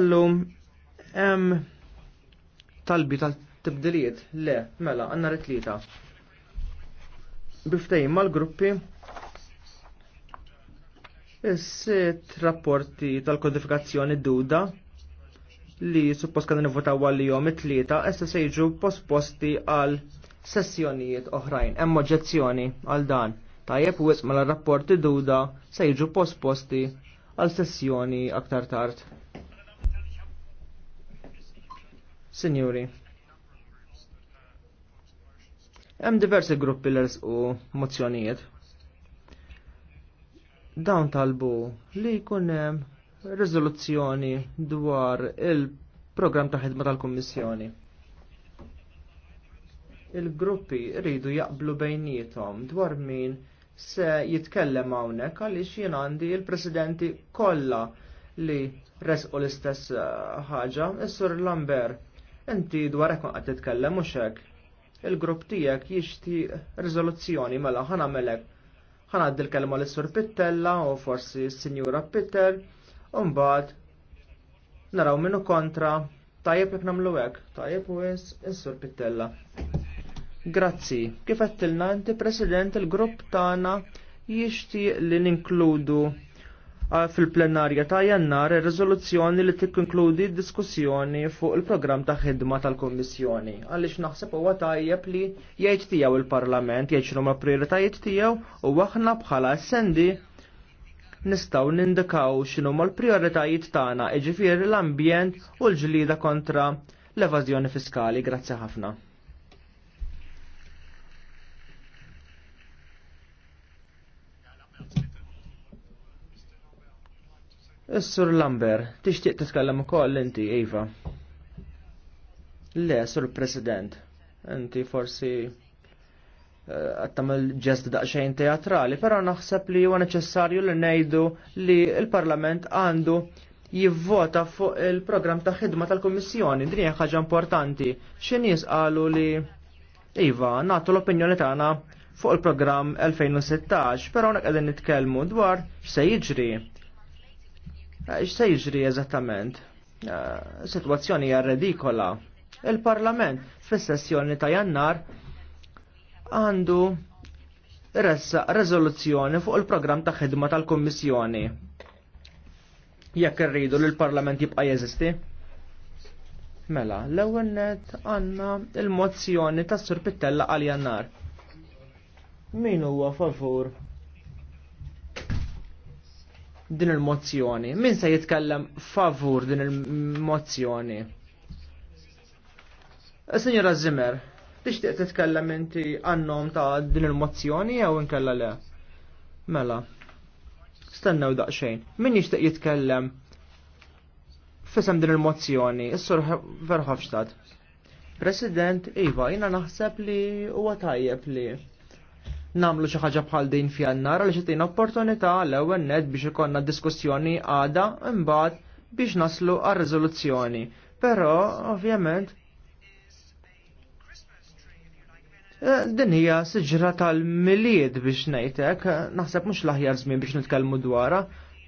Allum, hemm talbi tal-tibdiliet, le, mela, għanna ritlita. Biftejn mal-gruppi, Is-sitt rapporti tal-kodifikazzjoni duda li suppost kan nivotaw għal-jom it-tlieta issa se jiġu posposti għal sessjonijiet oħrajn. Hemm oġġezzjoni għal dan. Tajjeb wisma mela l-rapporti duda se jiġu posposti għal sessjoni aktar tard. Signori, hemm diversi gruppi l u mozzjonijiet. Dawn talbu li jkun hemm riżoluzzjoni dwar il-programm ta' ħidma tal-Kummissjoni. Il-gruppi rridu jaqblu bejnietom dwar min se jitkellem hawnhekk għaliex jien għandi il-presidenti kollha li resqu l-istess eh, ħaġa, is-sur Lambert Inti dwar hekk qed titkellem mhux hekk. Il-grupp tiegħek jixtieq riżoluzzjoni mela ħana melek. ħana Ħa ngħaddi l lis sur Pittella u forsi s-Sinjura Pitter u mbagħad naraw minnu kontra tajjeb jekk nagħmlu hekk. Tajjeb u is-Sur Pittella. Grazzi. Kif qed inti President il-grupp tagħna jixtieq li ninkludu Ah, fil-plenarja ta' jannar rezoluzzjoni li tikkonkludi diskussjoni fuq il-programm ta' ħidma tal-Kommissjoni. Għaliex naħseb huwa tajjeb li jgħid tiegħu il-Parlament jgħid ma' prioritajiet tiegħu u aħna bħala essendi nistgħu nindikaw x'inhu l prioritajiet tagħna, jiġifieri l-ambjent u l-ġlida kontra l-evażjoni fiskali. Grazzi ħafna. Is-Sur Lamber, tixtieq titkellem ukoll inti, Iva. Le, Sur President, inti forsi eh, tagħmel ġest daqxajn teatrali, pero naħseb li huwa neċessarju li ngħidu li il-Parlament għandu jivvota fuq il-programm ta' ħidma tal-Kommissjoni. Din hija ħaġa importanti. Xi nies qalu li iva nagħtu l-opinjoni tagħna fuq il-programm 2016, però nek qegħdin nitkellmu dwar x'se jiġri se jiġri eżattament? Eh, Sitwazzjoni hija redikola. Il-Parlament fis-sessjoni ta' Jannar għandu ressa rezoluzzjoni fuq il-programm ta' ħidma tal-Kommissjoni. Jekk irridu li l-Parlament jibqa' jeżisti? Mela, l-ewwel net għandna l mozzjoni tas-Sur Pittella għal Jannar. Min huwa favur din il-mozzjoni. Min se jitkellem favur din il-mozzjoni? Signora Zimmer, tixtieq titkellem inti għannom ta' din il-mozzjoni jew inkella le? Mela, stennew daqsxejn. Min jixtieq jitkellem fisem din il-mozzjoni? Is-sur Verhofstadt. President, Iva, jina naħseb li huwa tajjeb li namlu xi ħaġa bħal din f'jannar għaliex tgħin opportunità l-ewwel net biex ikollna diskussjoni għada imbagħad biex naslu għar riżoluzzjoni. Però ovvjament eh, din hija siġra tal miliet biex ngħidlek, eh, naħseb mhux l-aħjar żmien biex nitkellmu dwarha,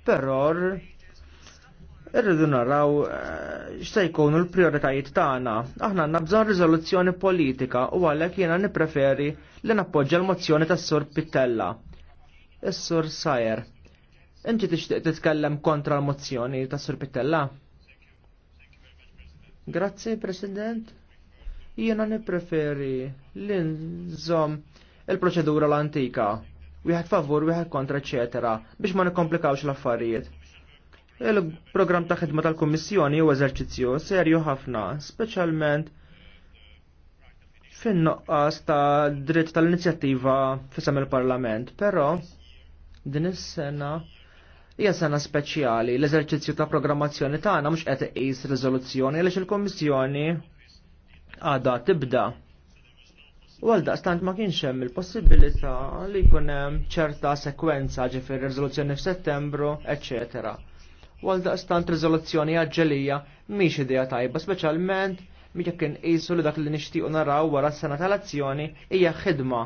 però irridu naraw eh, x'se jkunu l-prioritajiet tagħna. Aħna għandna bżonn riżoluzzjoni politika u għalhekk jiena nippreferi li nappoġġa l-mozzjoni tas-Sur Pittella. Is-Sur Sajer. Inti tixtieq titkellem kontra l-mozzjoni tas-Sur Pittella? Grazzi, President. Jiena nippreferi li nżomm il-proċedura l-antika. Wieħed favur, wieħed kontra, eċetera, biex ma nikkomplikawx l-affarijiet Il-programm ta' ħidma tal-Kummissjoni u eżerċizzju serju ħafna, speċjalment fin-noqqas ta' dritt tal-inizjattiva fisem il-Parlament, però din is-sena hija sena speċjali l-eżerċizzju ta' programmazzjoni tagħna mhux qed iqis riżoluzzjoni għaliex il-Kummissjoni għadha tibda. U għal daqstant ma kienx hemm il-possibilità li jkun hemm ċerta sekwenza ġifier riżoluzzjoni f'Settembru, eċċetera għal daqstant riżoluzzjoni għagġelija miex idea tajba, speċjalment miex kien qisu li dak li nixtiequ naraw wara s-sena tal-azzjoni hija ħidma.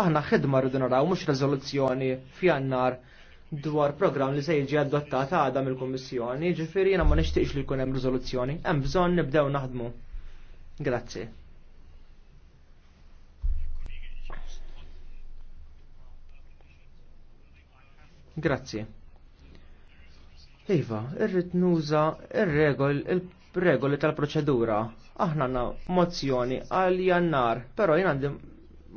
Aħna ħidma rridu naraw mhux riżoluzzjoni f'jannar dwar programm li se jiġi adottat għadha mill-Kummissjoni, ġifieri jiena ma nixtieqx li jkun hemm riżoluzzjoni, hemm bżonn nibdew naħdmu. Grazzi. Grazie. Iva, irrid nuża ir-regol, il-regoli tal-proċedura. Aħna għandna mozzjoni għal jannar, però jien għandi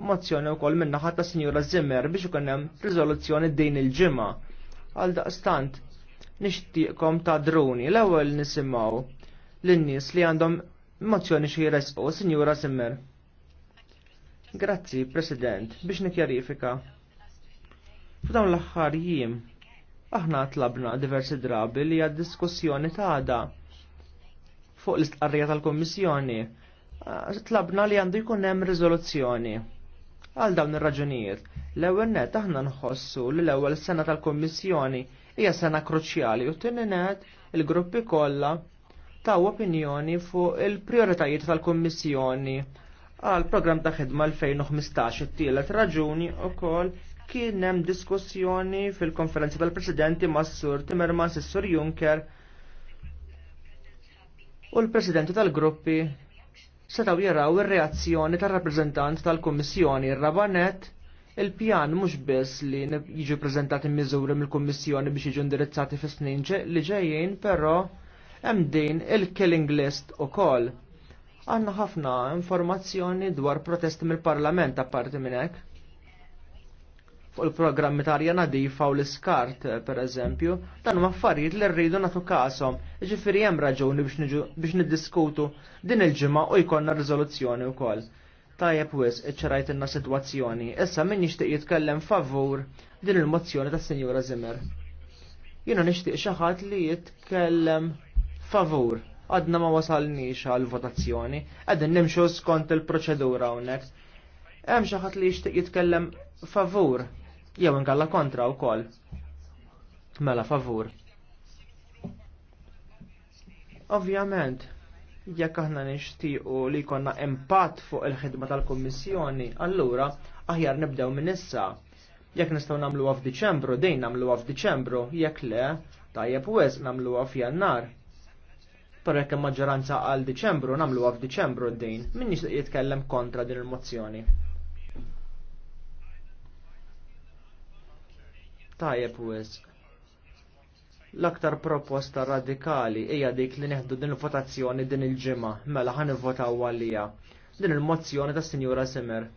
mozzjoni wkoll minn naħa ta' Sinjura Zimmer biex ikun hemm riżoluzzjoni din il-ġimgħa. Għal daqstant nixtieqkom ta' druni l-ewwel nisimgħu lin-nies li għandhom mozzjoni xi jresqu Sinjura Zimmer. Grazzi, President, biex nikjarifika. F'dawn l-aħħar jiem Aħna tlabna diversi drabi li għad diskussjoni ta' għada fuq l-istqarrija tal-Kommissjoni. Tlabna li għandu jkun hemm riżoluzzjoni. Għal dawn ir-raġunijiet, l-ewwel net aħna nħossu li l-ewwel sena tal-Kommissjoni hija sena kruċjali u tieni net il-gruppi kollha taw opinjoni fuq il-prioritajiet tal-Kommissjoni għal program ta' ħidma 2015 it-tielet raġuni u koll kien hemm diskussjoni fil-konferenzi tal-Presidenti mas-Sur Timmermans is-Sur Juncker u l-Presidenti tal-gruppi setaw jaraw ir-reazzjoni tar-rappreżentant tal-Kummissjoni rabanet il-pjan mhux biss li jiġu preżentati miżuri mill-Kummissjoni biex jiġu indirizzati fis snin li ġejjin, però hemm din il-killing list ukoll. Għanna ħafna informazzjoni dwar protesti mill-Parlament apparti minn hekk fuq il-programmi ta' arja nadifa u l-iskart, eh, per eżempju, dan huma affarijiet li rridu nagħtu każhom, ġifiri hemm raġuni biex niddiskutu din il-ġimgħa u jkollna riżoluzzjoni wkoll. Tajjeb wis iċċerajt inna sitwazzjoni, issa min jixtieq jitkellem favur din il-mozzjoni tas Sinjura Zimmer. Jiena nixtieq xi ħadd li jitkellem favur għadna ma wasalniex għal votazzjoni, għadin nimxu skont il-proċedura hawnhekk. Hemm xi ħadd li jixtieq jitkellem favur jew inkalla kontra wkoll. Mela favur. Ovvjament, jekk aħna nixtiequ li jkollna impatt fuq il-ħidma tal-Kummissjoni, allura aħjar nibdew minn issa. Jekk nistgħu nagħmluha f'Diċembru, dejn nagħmluha f'Diċembru, jekk le, tajjeb wes nagħmluha f'Jannar. Però jekk maġġoranza għal Diċembru nagħmluha f'Diċembru Dejn, min jitkellem kontra din il-mozzjoni. tajjeb wisq. L-aktar proposta radikali hija dik li neħdu din il-votazzjoni din il-ġimgħa mela ħan votaw għalija. Din il-mozzjoni tas Sinjura Simmer.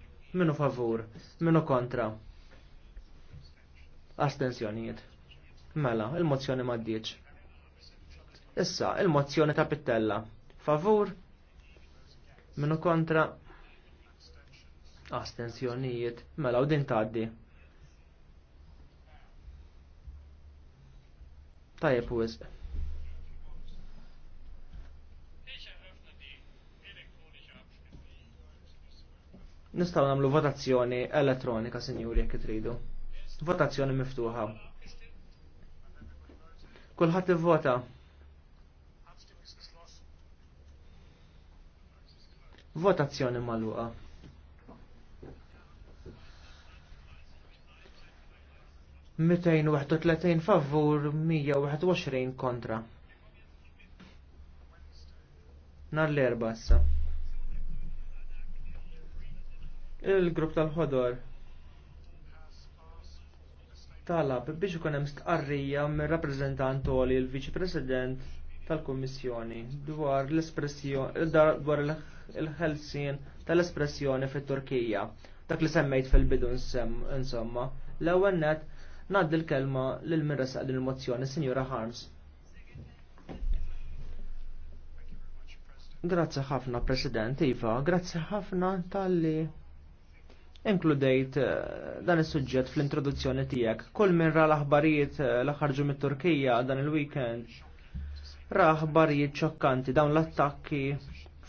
Minu favur, minu kontra. Astenzjonijiet. Mela, il-mozzjoni ma' Issa, il-mozzjoni ta' Pittella. Favur, minu kontra. Astenzjonijiet. Mela, u din tgħaddi. Tajjeb u Nistaw namlu votazzjoni elettronika, sinjuri, jekk tridu. Votazzjoni miftuħa. Kulħadd ivvota. Votazzjoni magħluqa. 231 favur 121 kontra. Nar l-erba issa. Il-grupp tal-ħodor talab biex ikun hemm stqarrija mir rappreżentant li l-Viċi President tal-Kummissjoni dwar l-espressjoni dwar il-ħelsien tal-espressjoni fit-Turkija. Dak li semmejt fil-bidu insomma. L-ewwel net Nad il kelma lil mirresa resaq din il-mozzjoni, Signora Harms. Grazzi ħafna, President Iva, grazzi ħafna tal-li inkludejt eh, dan is-suġġett fl-introduzzjoni tiegħek. Kull minn ra l-aħbarijiet eh, li ħarġu mit-Turkija dan il-weekend ra aħbarijiet ċokkanti dawn l-attakki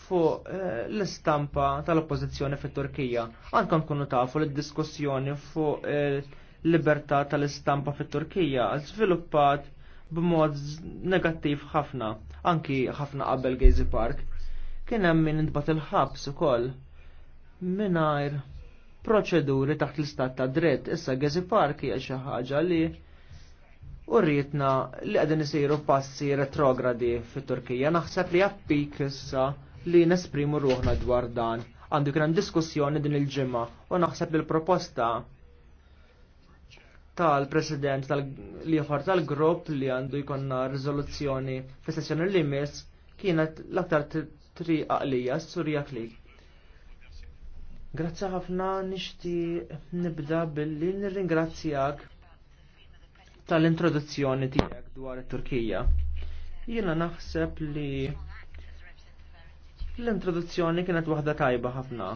fuq eh, l-istampa tal-oppożizzjoni fit-Turkija. Anke nkunu tafu l-diskussjoni fuq libertà tal-istampa fit-Turkija żviluppat b'mod negattiv ħafna, anki ħafna qabel Gezi Park. Kien hemm min intbat il-ħabs ukoll mingħajr proċeduri taħt l-istat ta' dritt. Issa Gezi Park hija xi ħaġa li u rritna li qegħdin isiru passi retrogradi fit-Turkija. Naħseb li appik issa li nesprimu ruħna dwar dan. Għandu kien diskussjoni din il-ġimgħa u naħseb li l-proposta tal-president tal-liħor tal-grupp li għandu jkonna rizoluzzjoni fis sessjoni li mis kienet l-aktar tri għalija s-surja kli. Grazzi ħafna nishti nibda billi nirringrazzjak tal-introduzzjoni tiegħek dwar it-Turkija. Jiena naħseb li l-introduzzjoni kienet waħda tajba ħafna.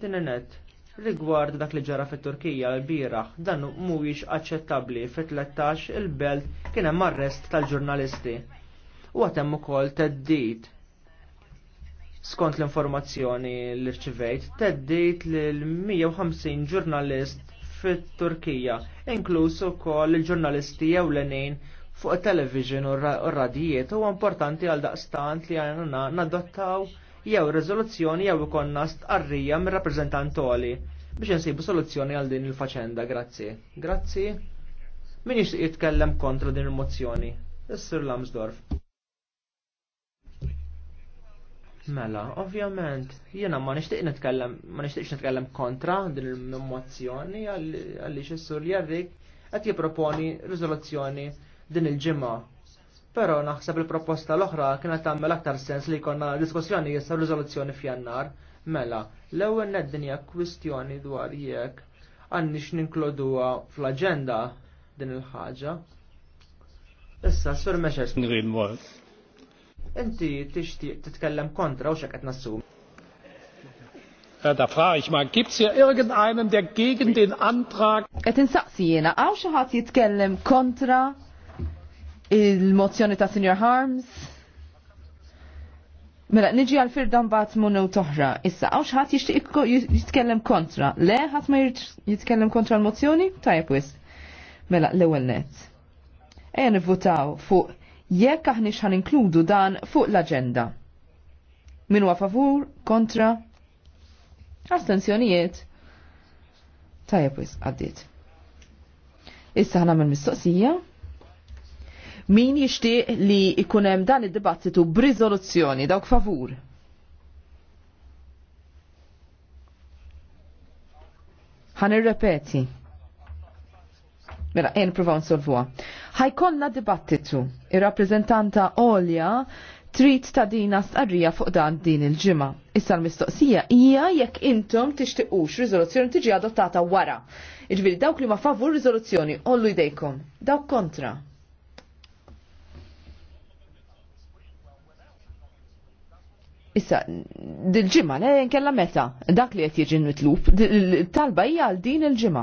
Tinenet, rigward dak li ġara fit-Turkija l-bieraħ dan mhuwiex aċċettabbli fit-13 il-belt kien hemm arrest tal-ġurnalisti. U għad hemm ukoll teddid. Skont l-informazzjoni li rċivejt, teddid lil 150 ġurnalist fit-Turkija, inkluż ukoll il-ġurnalisti ewlenin fuq television u r radijiet huwa importanti għal daqstant li għajnuna nadottaw jew riżoluzzjoni jew ikonna stqarrija mir rappreżentantoli biex insibu soluzzjoni għal din il-faċenda, grazzi. Grazzi. Min jixtieq jitkellem kontra din il-mozzjoni? Is-Sir Lamsdorf. Mela, ovvjament, jiena ma nixtieq nitkellem, ma nixtieqx nitkellem kontra din il-mozzjoni għaliex is-Sur Jarrik qed jipproponi riżoluzzjoni din il-ġimgħa Pero naħseb il-proposta l-oħra kienet tagħmel aktar sens li jkollna diskussjoni jista' riżoluzzjoni f'jannar. Mela, l-ewwel ned-dinja kwistjoni dwar jekk għandix ninkluduha fl-aġenda din il-ħaġa. Issa, sur meċers. Inti tixtieq titkellem kontra u xekqed nassum. Da frage ich mal, gibt's hier irgendeinen, der gegen den Antrag... Et insaqsi jena, għaw xaħat jitkellem kontra il-mozzjoni ta' Senior Harms. Mela, niġi għal firdan bat munu toħra. Issa, għawx ħat jitkellem kontra. Le, ħat ma jitkellem kontra l-mozzjoni? Tajab wis. Mela, l ewwel net. Eja nivvutaw fuq jekk aħni ħan inkludu dan fuq l-agenda. Minu favur, kontra, astensjonijiet. Tajab wis, għaddit. Issa ħana mill-mistoqsija. Min jishtiq li jkun hemm dan id-dibattitu b-rizoluzzjoni, dawk favur? Ħan irrepeti. Mela, jen provaw nsolvuha. Ħajkollna dibattitu. Ir-rappreżentanta Olja trid ta' dina stqarrija fuq dan din il-ġimgħa. Issa l-mistoqsija hija jekk intom tixtiqux riżoluzzjoni tiġi adottata wara. Iġbiri dawk li ma favur riżoluzzjoni ollu jdejkom. Dawk kontra. Issa, dil-ġimma, ne, kella meta, dak li qed jiġi mitlub, talba hija għal din il-ġimma.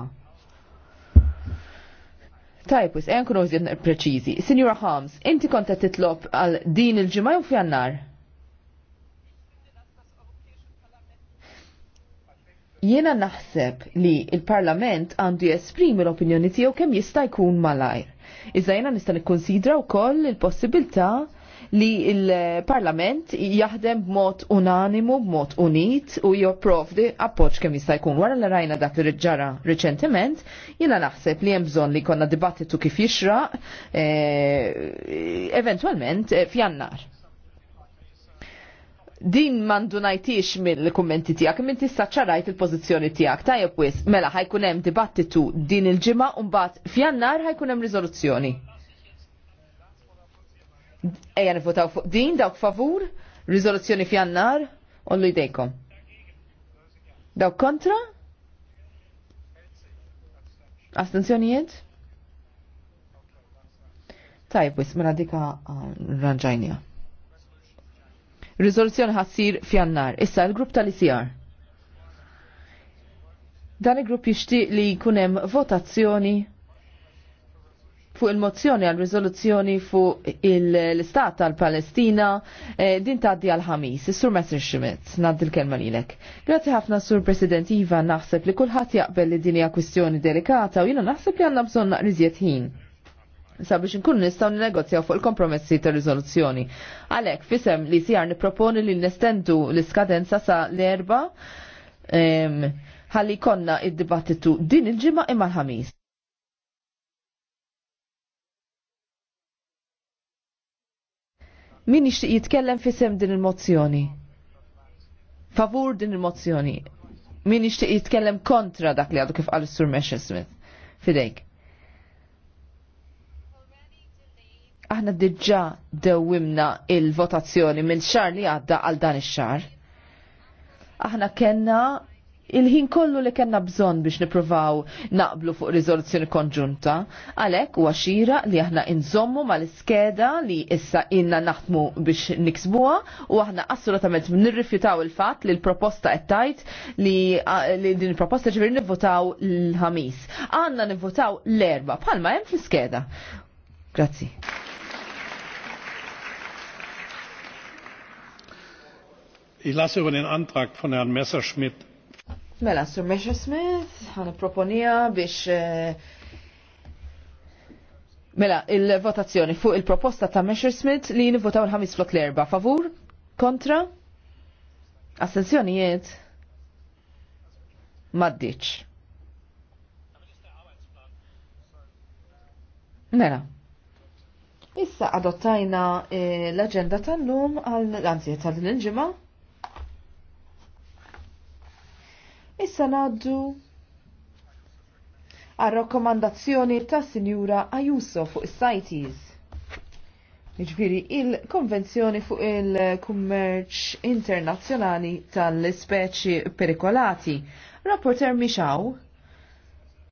Tajb, wis, kunu użin preċizi. Signora Holmes, inti konta titlob għal din il-ġimma jew fjannar? Jiena naħseb li il-Parlament għandu jesprimi l-opinjoni tiegħu kemm jista' jkun malajr. Iżda jiena nista' nikkonsidra wkoll il-possibilità il il possibilità li il-Parlament jaħdem b'mod unanimu, b'mod unit u jopprovdi appoġġ kemm jista' jkun wara li rajna dak li ġara riċentement, jiena naħseb li hemm bżonn li jkollna dibattitu kif jixra eh, eventwalment eh, f'jannar. Din mandu najtix mill-kummenti tijak, minn tista ċarajt il-pozizjoni tijak, tajab wis, mela ħajkunem dibattitu din il ġima un bat fjannar ħajkunem rizoluzzjoni. Ejja nivotaw fuq din, dawk favur, rizoluzzjoni fjannar, ollu jdejkom. Dawk kontra? Astenzjonijiet? Tajb, wis, mela dika ah, ranġajnija. Rizoluzzjoni ħassir fjannar. Issa, il-grupp tal-ICR. Dan il-grupp jixtieq li kunem votazzjoni fuq il-mozzjoni għal riżoluzzjoni fuq l-istat tal-Palestina eh, din taddi għal ħamis. Is-Sur Messer Schmidt, naddi l-kelma lilek. Grazzi ħafna Sur President Iva naħseb li kulħadd jaqbel li din hija kwistjoni delikata u jiena naħseb li għandna bżonn naqriżiet ħin sabiex nkun nistgħu negozjaw fuq il-kompromessi ta' riżoluzzjoni. Għalhekk fisem li sijar nipproponi li nestendu l-iskadenza sa l-erba ħalli konna id-dibattitu din il-ġimgħa imma l-ħamis. Min ixtiq jitkellem sem din il-mozzjoni? Favur din il-mozzjoni. Min ixtiq jitkellem kontra dak li għadu kif għal sur Meshin Smith. Fidejk. Aħna diġa dewimna il-votazzjoni mill-xar li għadda għal dan ix-xar. Aħna kena il-ħin kollu li kena bżon biex niprovaw naqblu fuq rizoluzzjoni konġunta. Għalek u għaxira li aħna inżommu mal-iskeda li issa inna naħdmu biex niksbuha u aħna assolutament nirrifjutaw il-fat li l-proposta għettajt li, li din il-proposta ġveri nivvotaw l-ħamis. Għanna nivvotaw l-erba bħalma jem fl-iskeda. Grazzi. Ich lasse über den Antrag von Herrn Messerschmidt Mela, Sir Mesha Smith, għana proponija biex eh, Mela, il-votazzjoni fuq il-proposta ta' Smith li nivvotaw il-ħamis flok l-erba. Favur? Kontra? Astenzjonijiet? Maddiċ. Mela. Issa adottajna eh, l-agenda tal-lum għal-anzi tal-inġima Issa naddu għal rakkomandazzjoni ta' Sinjura Ayuso fuq is-sajtis. Iġviri il-Konvenzjoni fuq il-Kummerċ Internazzjonali tal-Speċi Perikolati. Rapporter Mixaw,